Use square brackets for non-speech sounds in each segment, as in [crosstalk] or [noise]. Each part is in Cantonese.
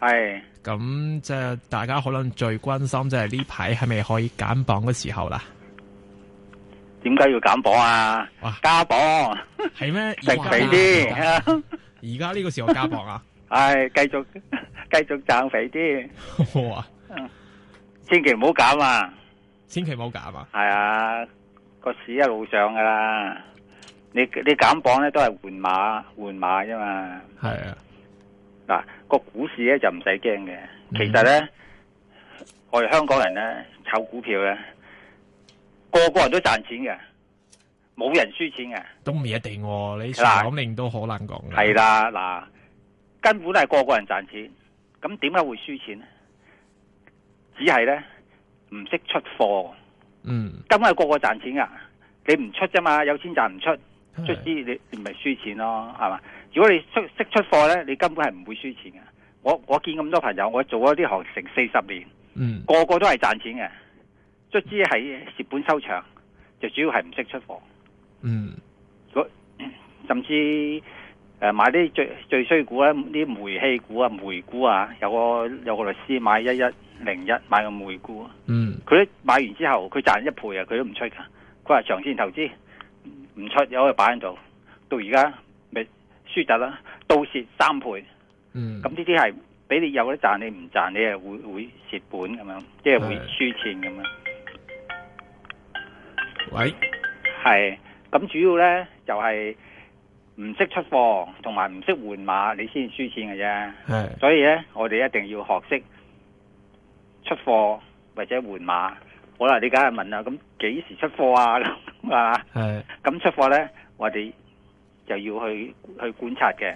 係咁即係大家可能最關心就係呢排係咪可以減磅嘅時候啦？點解要減磅啊？哇加磅係咩？食嗎肥啲。而家呢個時候加磅啊？係繼、哎、續繼續增肥啲。哇！千祈唔好減啊！千祈唔好減啊！係啊，個市一路上噶啦。你你減磅咧都係換馬，換馬啫嘛。係啊。嗱，個股市咧就唔使驚嘅。其實咧，嗯、我哋香港人咧炒股票咧，個個人都賺錢嘅，冇人輸錢嘅。都唔一定、哦，你市場令都好難講嘅。係啦，嗱，根本都係個個人賺錢，咁點解會輸錢咧？只係咧唔識出貨。嗯。咁係個個賺錢噶，你唔出啫嘛，有錢賺唔出，出啲你咪輸錢咯，係嘛？.如果你出識出貨咧，你根本係唔會輸錢嘅。我我見咁多朋友，我做咗啲行成四十年，嗯、個個都係賺錢嘅，卒之係蝕本收場，就主要係唔識出貨。嗯，如果，甚至、呃、買啲最最衰股咧，啲煤氣股啊、煤股啊，有個有個律師買一一零一買個煤股，嗯，佢買完之後佢賺一倍啊，佢都唔出噶，佢話長線投資唔出，有個擺喺度，到而家。輸咗啦，倒蝕三倍。嗯，咁呢啲係俾你有得賺你唔賺，你係會會蝕本咁、就是、是的 樣，即係會輸錢咁樣。喂，係，咁主要咧就係唔識出貨同埋唔識換馬，你先輸錢嘅啫。係，是的 所以咧我哋一定要學識出貨或者換馬。好啦，你梗係問啦，咁幾時出貨啊？咁啊，係，咁出貨咧，我哋。就要去去觀察嘅，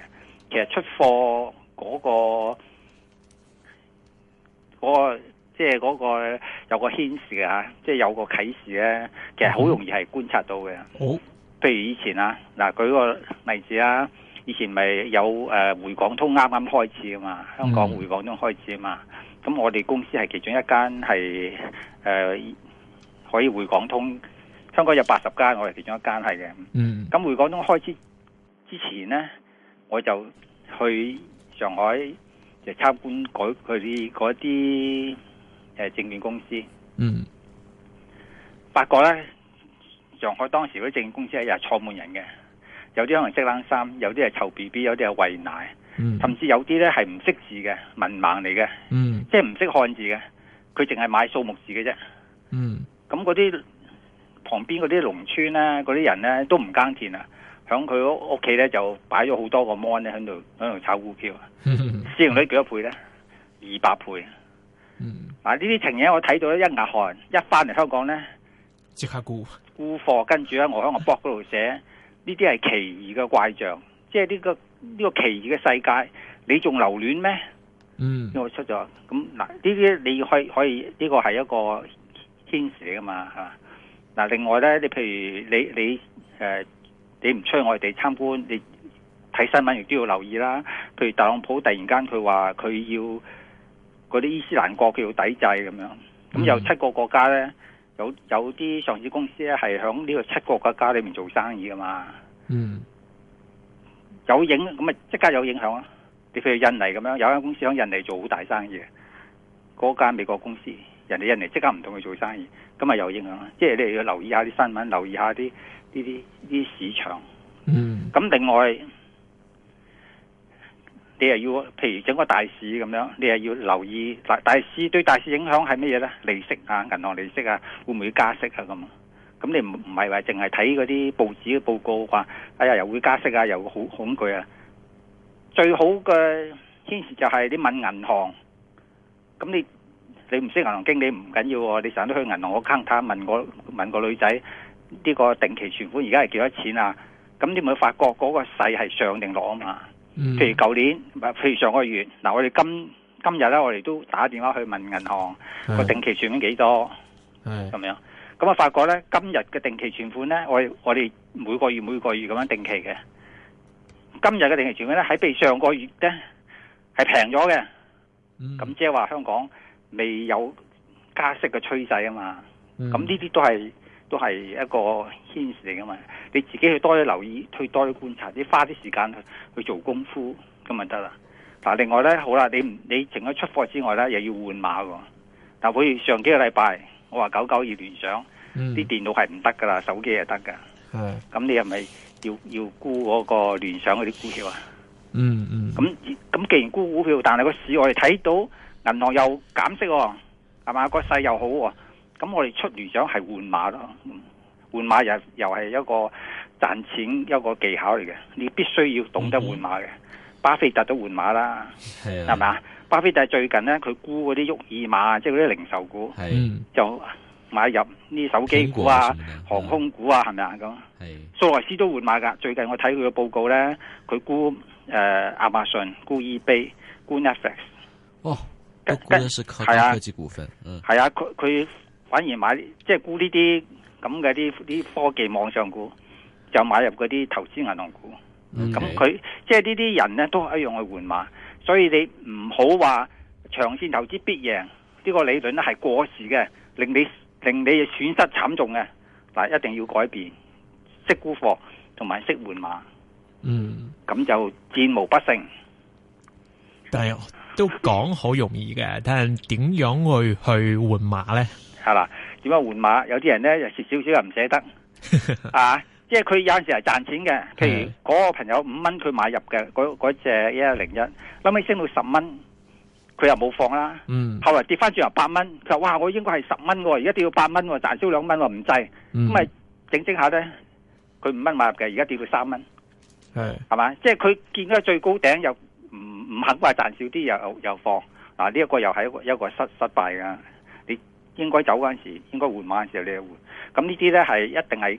其實出貨嗰、嗰個、嗰個、即係嗰、嗰個有個牽示嘅嚇，即係有個啟示咧。其實好容易係觀察到嘅。好，譬如以前啊，嗱，舉個例子啊，以前咪有誒回港通啱啱開始啊嘛，香港回港通開始啊嘛。咁、嗯、我哋公司係其中一間係誒可以回港通，香港有八十間，我哋其中一間係嘅。嗯，咁回港通開始。之前咧，我就去上海就參觀嗰佢啲嗰啲誒證券公司。嗯，發覺咧，上海當時嗰啲證券公司係又坐滿人嘅，有啲可能織冷衫，有啲係臭 BB，有啲係餵奶，嗯，甚至有啲咧係唔識字嘅文盲嚟嘅，嗯，即係唔識漢字嘅，佢淨係買數目字嘅啫。嗯，咁嗰啲旁邊嗰啲農村咧，嗰啲人咧都唔耕田啦。咁佢屋企咧就擺咗好多個 mon 咧喺度喺度炒股票，市盈率幾多倍咧？二百倍。嗯，嗱呢啲情形我睇到一額汗，一翻嚟香港咧即刻沽沽貨，跟住咧我喺我 blog 嗰度寫，呢啲係奇異嘅怪象，即係呢個呢個奇異嘅世界，你仲留戀咩？嗯，嗯，因為出咗咁嗱呢啲你可以可以呢個係一個天時嚟噶嘛，係嘛？嗱、啊、另外咧，你譬如你你誒。你呃你唔出去外地參觀，你睇新聞亦都要留意啦。譬如特朗普突然間佢話佢要嗰啲伊斯蘭國，佢要抵制咁樣。咁、嗯、有七個國家咧，有有啲上市公司咧係響呢個七個國家裏面做生意噶嘛。嗯，有影咁咪即刻有影響啊！你譬如印尼咁樣，有間公司響印尼做好大生意，嗰間美國公司，人哋印尼即刻唔同佢做生意，咁咪有影響。即係你要留意下啲新聞，留意下啲。呢啲呢市場，咁、嗯、另外你又要，譬如整個大市咁樣，你又要留意大大市對大市影響係乜嘢咧？利息啊，銀行利息啊，會唔會加息啊？咁咁你唔唔係話淨係睇嗰啲報紙嘅報告話，哎呀又會加息啊，又會好恐懼啊！最好嘅牽涉就係你問銀行，咁你你唔識銀行經理唔緊要喎，你成日都去銀行個坑攤問我問個女仔。呢個定期存款而家係幾多錢啊？咁你會發覺嗰個勢係上定落啊嘛？嗯、譬如舊年，譬如上個月，嗱我哋今今日咧，我哋都打電話去問銀行個是定期存款幾多，咁是樣。咁啊發覺咧，今日嘅定期存款咧，我我哋每個月每個月咁樣定期嘅，今日嘅定期存款咧喺比上個月咧係平咗嘅。咁、嗯、即係話香港未有加息嘅趨勢啊嘛。咁呢啲都係。都係一個牽涉嚟噶嘛，你自己去多啲留意，去多啲觀察，你花啲時間去去做功夫咁咪得啦。嗱、啊，另外咧，好啦，你唔你除咗出貨之外咧，又要換馬噶。嗱，比如上幾個禮拜，我話九九二聯想啲、嗯、電腦係唔得噶啦，手機係得噶。係咁的，那你係咪要要沽嗰個聯想嗰啲股票啊？嗯嗯。咁、嗯、咁，咁咁既然沽股票，但係個市我哋睇到銀行又減息、啊，係嘛，那個勢又好、啊。咁、嗯、我哋出聯長係換馬咯，換馬又又係一個賺錢一個技巧嚟嘅。你必須要懂得換馬嘅。嗯嗯、巴菲特都換馬啦，係咪啊是是？巴菲特最近咧，佢沽嗰啲沃爾瑪啊，即係嗰啲零售股，是就買入呢手機股啊、航空股啊，係咪啊？咁是蘇萊斯都換馬㗎。最近我睇佢嘅報告咧，佢沽誒亞馬遜、呃、Amazon，沽 Ebay、沽 Netflix。哦，都沽嘅係啊，嗯、啊，佢佢。反而買即係、就是、沽呢啲咁嘅啲啲科技網上股，就買入嗰啲投資銀行股。咁佢即係呢啲人咧都一樣去換馬，所以你唔好話長線投資必贏呢、呢個理論咧係過時嘅，令你令你損失慘重嘅。嗱，一定要改變識沽貨同埋識換馬。嗯，咁就戰無不勝。但係都講好容易嘅， [laughs] 但係點樣去去換馬咧？係啦，點樣換馬？有啲人咧又蝕少少又唔捨得 [laughs] 啊！因為佢有陣時係賺錢嘅，譬如嗰個朋友五蚊佢買入嘅嗰嗰隻一零一，諗、那個、起升到十蚊，佢又冇放啦。嗯，後來跌翻轉又八蚊，佢話：哇，我應該係十蚊嘅，而家跌到八蚊，賺少兩蚊，唔制咁咪整整下咧。佢五蚊買入嘅，而家跌到三蚊，係係嘛？即係佢見嗰個最高頂又唔唔肯話賺少啲又又放嗱，呢、啊這個、一個又係一個失失敗嘅。應該走嗰陣時，應該換馬嘅時候你又換，咁呢啲咧係一定係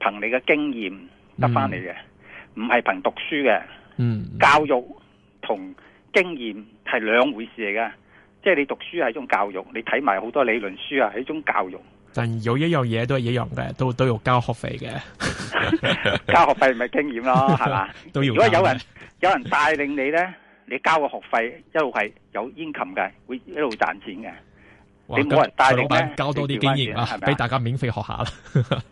憑你嘅經驗得翻嚟嘅，唔係憑讀書嘅。嗯，教育同經驗係兩回事嚟嘅，即係你讀書係一種教育，你睇埋好多理論書啊，係一種教育。但有一樣嘢都係一樣嘅，都都， [laughs] [laughs] [laughs] 都要交學費嘅。交學費唔係經驗咯，係嘛？都要。如果有人 [laughs] 有人帶領你咧，你交個學費一路係有煙琴嘅，會一路賺錢嘅。哇你冇人帶你老闆教多啲經驗啊，係咪？俾大家免費學下啦。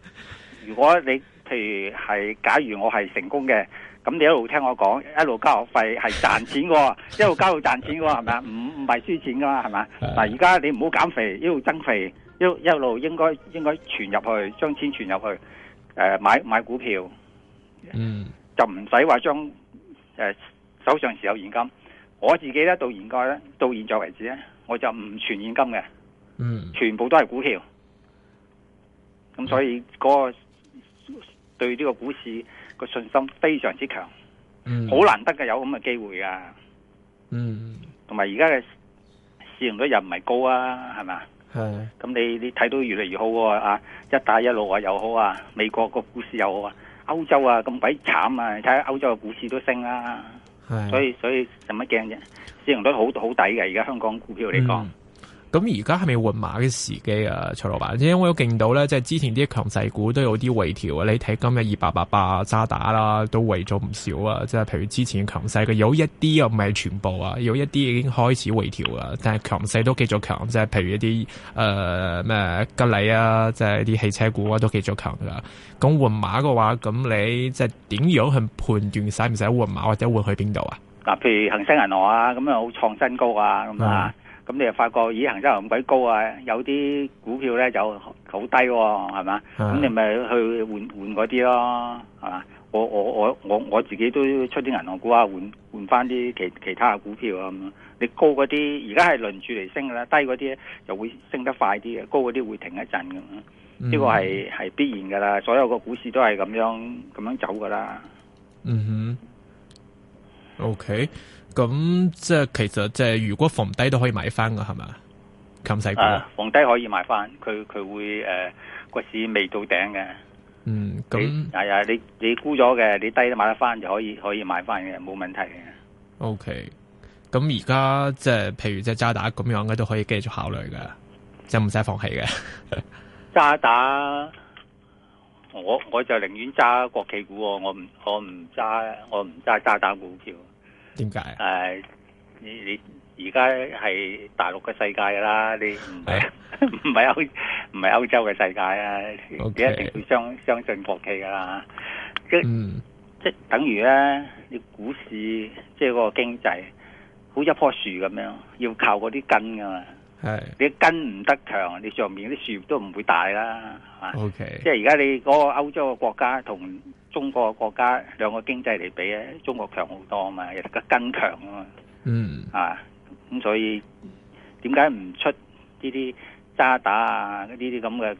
如果你譬如係，假如我係成功嘅，咁你一路聽我講，一路交學費係賺錢嘅，一路交係賺錢嘅，係咪啊？唔唔係輸錢噶嘛，係咪？嗱，而家你唔好減肥，一路增肥，一一路應該應該存入去，將錢存入去，誒買買股票，嗯就，就唔使話將誒手上持有現金。我自己咧到而家咧到現在為止咧，我就唔存現金嘅。嗯，全部都係股票，咁、嗯、所以嗰個對呢個股市個信心非常之強，嗯，好難得嘅有咁嘅機會噶，嗯，同埋而家嘅市盈率又唔係高啊，係咪？係的，咁你你睇到越嚟越好啊，一帶一路啊又好啊，美國個股市又好啊，歐洲啊咁鬼慘啊，你睇下歐洲嘅股市都升啦，啊，係的，所以所以使乜驚啫？市盈率好好抵嘅，而家香港股票嚟講，嗯。咁而家係咪換馬嘅時機啊，徐老闆？因為我見到咧，即係之前啲強勢股都有啲回調啊。你睇今日二八八八渣打啦，都回咗唔少啊。即係譬如之前強勢嘅，有一啲又唔係全部啊，有一啲已經開始回調啊。但係強勢都繼續強，即係譬如一啲誒咩吉利啊，即係啲汽車股要要啊，都繼續強噶。咁換馬嘅話，咁你即係點樣去判斷使唔使換馬或者換去邊度啊？嗱，譬如恒生銀行啊，咁又好創新高啊，咁啊。咁你又發覺，咦，恒生咁鬼高啊！有啲股票咧就好低喎、啊，係嘛？咁、啊、你咪去換換嗰啲咯，係嘛、啊？我我我我我自己都出啲銀行股啊，換換翻啲其其他嘅股票啊，咁樣，你高嗰啲，而家係輪住嚟升嘅啦，低嗰啲又會升得快啲嘅，高嗰啲會停一陣呢、呢個係、嗯、哼必然㗎啦，所有個股市都係咁樣咁樣走㗎啦。嗯哼。O K，咁即係其實即係如果逢低都可以買翻噶係咪？冚世估，小啊，逢低可以買翻，佢佢會誒個、呃、市未到頂嘅。嗯，咁係啊，你你估咗嘅，你低都買得翻就可以可以買翻嘅，冇問題嘅。O K，咁而家即係譬如即係渣打咁樣嘅都可以繼續考慮噶，就唔使放棄嘅。 [laughs] 渣打。我我就寧願揸國企股，我唔我唔揸我唔揸揸打股票。點解？誒、呃，你你而家係大陸嘅世界噶啦，你唔係唔係歐唔係歐洲嘅世界啊！Okay 你一定要相相信國企噶啦，即即、嗯、等於咧，你股市即係嗰個經濟，好一棵樹咁樣，要靠嗰啲根噶嘛。係你根唔得強，你上面啲樹葉都唔會大啦，係嘛 Okay.、啊？即係而家你嗰個歐洲嘅國家同中國嘅國家兩個經濟嚟比咧，中國強好多啊嘛，尤其個根強啊嘛，嗯、mm. 啊，係咁所以點解唔出呢啲渣打啊？呢啲咁嘅？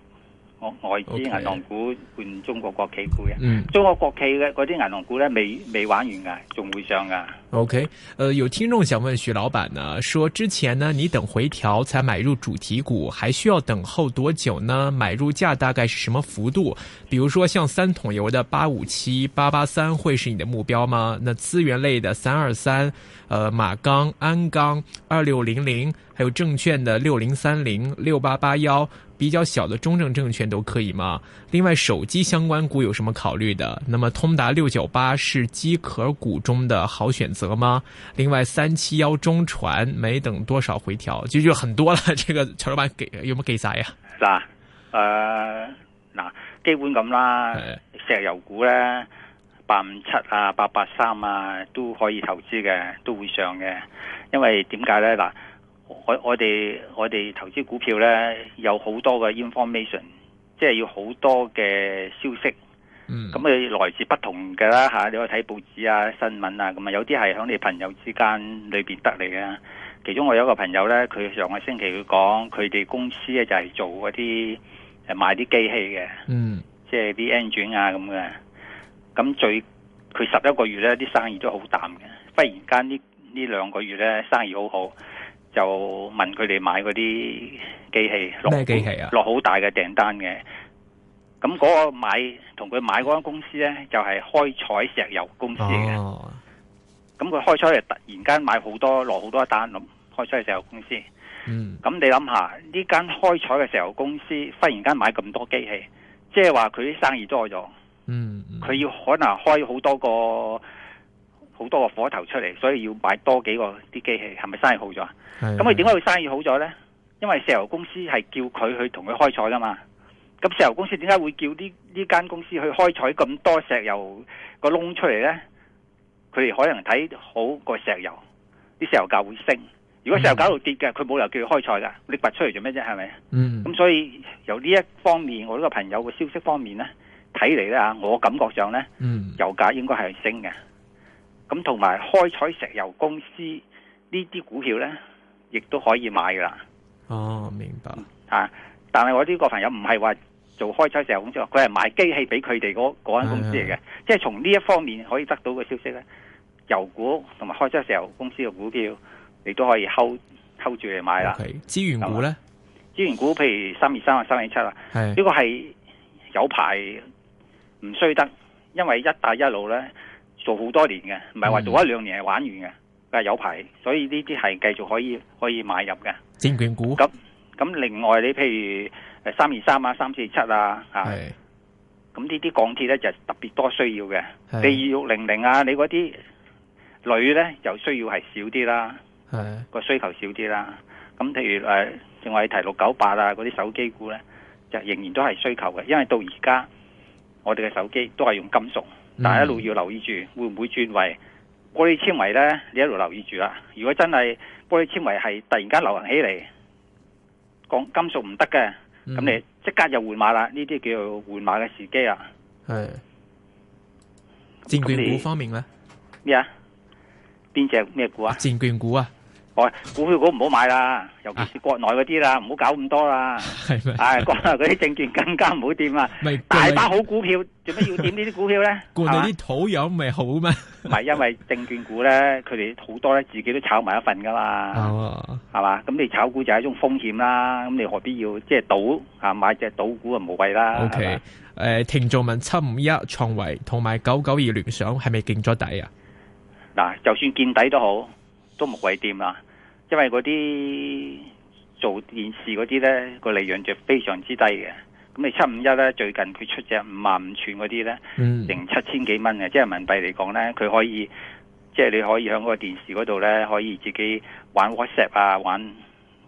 外資銀行股換中國國企股啊！Okay. 中國國企嘅嗰啲銀行股咧，未未玩完噶，仲會上噶。OK，誒、呃，有聽眾想問徐老闆呢，說之前呢，你等回調才買入主題股，還需要等候多久呢？買入價大概是什麼幅度？比如說，像三桶油的八五七八八三，會是你的目標嗎？那資源類的三二三，誒，馬鋼、鞍鋼二六零零，00，還有證券的六零三零六八八幺。比較小的中證證券都可以嗎？另外手機相關股有什麼考慮的？那麼通達六九八是機殼股中的好選擇嗎？另外三七幺中船沒等多少回調，就就很多了。這個喬老闆給有沒有給啥呀呃？呃，嗱，基本咁啦，石油股呢，八五七啊，八八三啊，都可以投資嘅，都會上嘅，因為點解呢？嗱、呃。我我哋我哋投資股票呢，有好多嘅 information，即係要好多嘅消息。咁佢、mm. 來自不同嘅啦吓，你可以睇報紙啊、新聞啊。咁啊，有啲係響你朋友之間裏邊得嚟嘅。其中我有一個朋友呢，佢上個星期佢講，佢哋公司呢就係做嗰啲誒賣啲機器嘅。嗯、mm. 啊。即係啲 engine 啊咁嘅。咁最佢十一個月呢啲生意都好淡嘅。忽然間呢呢兩個月呢，生意好好。就問佢哋買嗰啲機器，咩機器啊？落好大嘅訂單嘅。咁嗰個買同佢買嗰間公司呢，就係、是、開採石油公司嘅。咁佢、哦、開採就突然間買好多落好多單，咁開採石油公司。咁、嗯、你諗下，呢間開採嘅石油公司忽然間買咁多機器，即係話佢啲生意多咗。嗯。佢要可能開好多個。好多個火頭出嚟，所以要買多幾個啲機器，係咪生意好咗？咁佢點解會生意好咗呢？因為石油公司係叫佢去同佢開採㗎嘛。咁石油公司點解會叫呢呢間公司去開採咁多石油個窿出嚟呢？佢哋可能睇好個石油，啲石油價會升。如果石油價喺度跌嘅，佢冇理由叫佢開採噶，你拔出嚟做咩啫？係咪？咁、嗯、所以由呢一方面，我呢個朋友嘅消息方面呢，睇嚟呢，啊，我感覺上呢，嗯、油價應該係升嘅。咁同埋開採石油公司呢啲股票呢，亦都可以買噶啦。哦，明白。吓，但係我呢個朋友唔係話做開採石油公司，佢係買機器俾佢哋嗰嗰間公司嚟嘅。的即係從呢一方面可以得到個消息呢，油股同埋開採石油公司嘅股票，你都可以 hold 住嚟買啦。資、okay、源股呢？資源股譬如三二三啊，三零七啊，呢的個係有排唔衰得，因為一帶一路呢。做好多年嘅，唔係話做一兩年係玩完嘅，但係、嗯、有排，所以呢啲係繼續可以可以買入嘅。證券股咁咁，另外你譬如三二三啊、三四七啊，咁是、啊、呢啲鋼鐵咧就是特別多需要嘅。是你二六零零啊，你嗰啲鋁呢就需要係少啲啦，個是需求少啲啦。咁譬如誒，仲、呃、係提六九八啊，嗰啲手機股呢，就仍然都係需求嘅，因為到而家我哋嘅手機都係用金屬。但係一路要留意住，會唔會轉為玻璃纖維咧，你一路留意住啦。如果真係玻璃纖維係突然間流行起嚟，講金屬唔得嘅，咁、嗯、你即刻就換馬啦。呢啲叫換馬嘅時機啊。係。證券股方面咧，咩啊？邊隻咩股啊？證券股啊。喂，股票股唔好買啦，尤其是國內嗰啲啦，唔好搞咁多啦。係咪？唉，國內嗰啲證券更加唔好掂啦！大把好股票，做咩要掂呢啲股票咧？國內啲土壤咪好咩？唔係因為證券股咧，佢哋好多咧自己都炒埋一份噶嘛。係嘛？咁你炒股就係一種風險啦。咁你何必要即係賭啊？買隻賭股啊，無謂啦。O K，誒，聽眾問七五一創維同埋九九二聯想係咪見咗底啊？嗱，就算見底都好。都冇鬼掂啦，因為嗰啲做電視嗰啲咧，個利潤就非常之低嘅。咁你七五一咧，最近佢出隻五十五寸嗰啲咧，零、嗯、七千幾蚊嘅，即係人民幣嚟講咧，佢可以即係你可以喺個個電視嗰度咧，可以自己玩 WhatsApp 啊，玩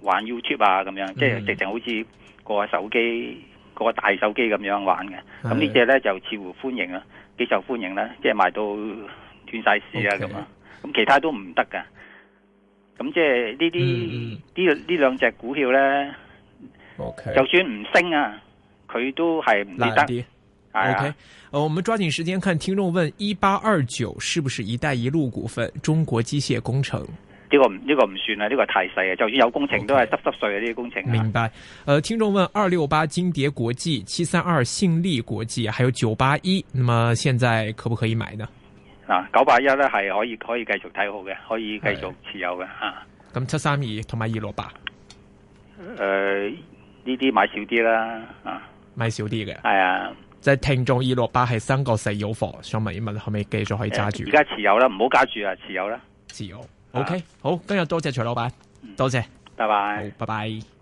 玩 YouTube 啊咁樣，嗯、即係直情好似個手機、嗯、個大手機咁樣玩嘅。咁的呢隻咧就似乎歡迎啊，幾受歡迎啦，即係賣到斷晒市啊咁啊。咁 okay, 其他都唔得噶。咁即係呢啲呢呢兩隻股票咧，okay, 就算唔升啊，佢都係唔得。啊、o、okay, K，呃，我們抓緊時間看聽眾問：一八二九是不是一帶一路股份？中國機械工程？呢、呢個唔呢、呢個唔算啊，呢、呢個太細啊。就算有工程都係濕濕碎嘅呢啲工程、啊。明白。呃，聽眾問：二六八金蝶國際、七三二信利國際，還有九八一，那麼現在可不可以買呢？嗱，九八一咧係可以可以繼續睇好嘅，可以繼續持有嘅、呃、啊。咁七三二同埋二六八，誒呢啲買少啲啦，啊買少啲嘅。係啊，即係聽眾二六八係新國四妖貨，想問一問可唔可以繼續可以揸住？而家持有啦，唔好揸住啊，持有啦，持有。O、okay? K，的好，今日多謝徐老闆，多謝，拜拜，好，拜拜。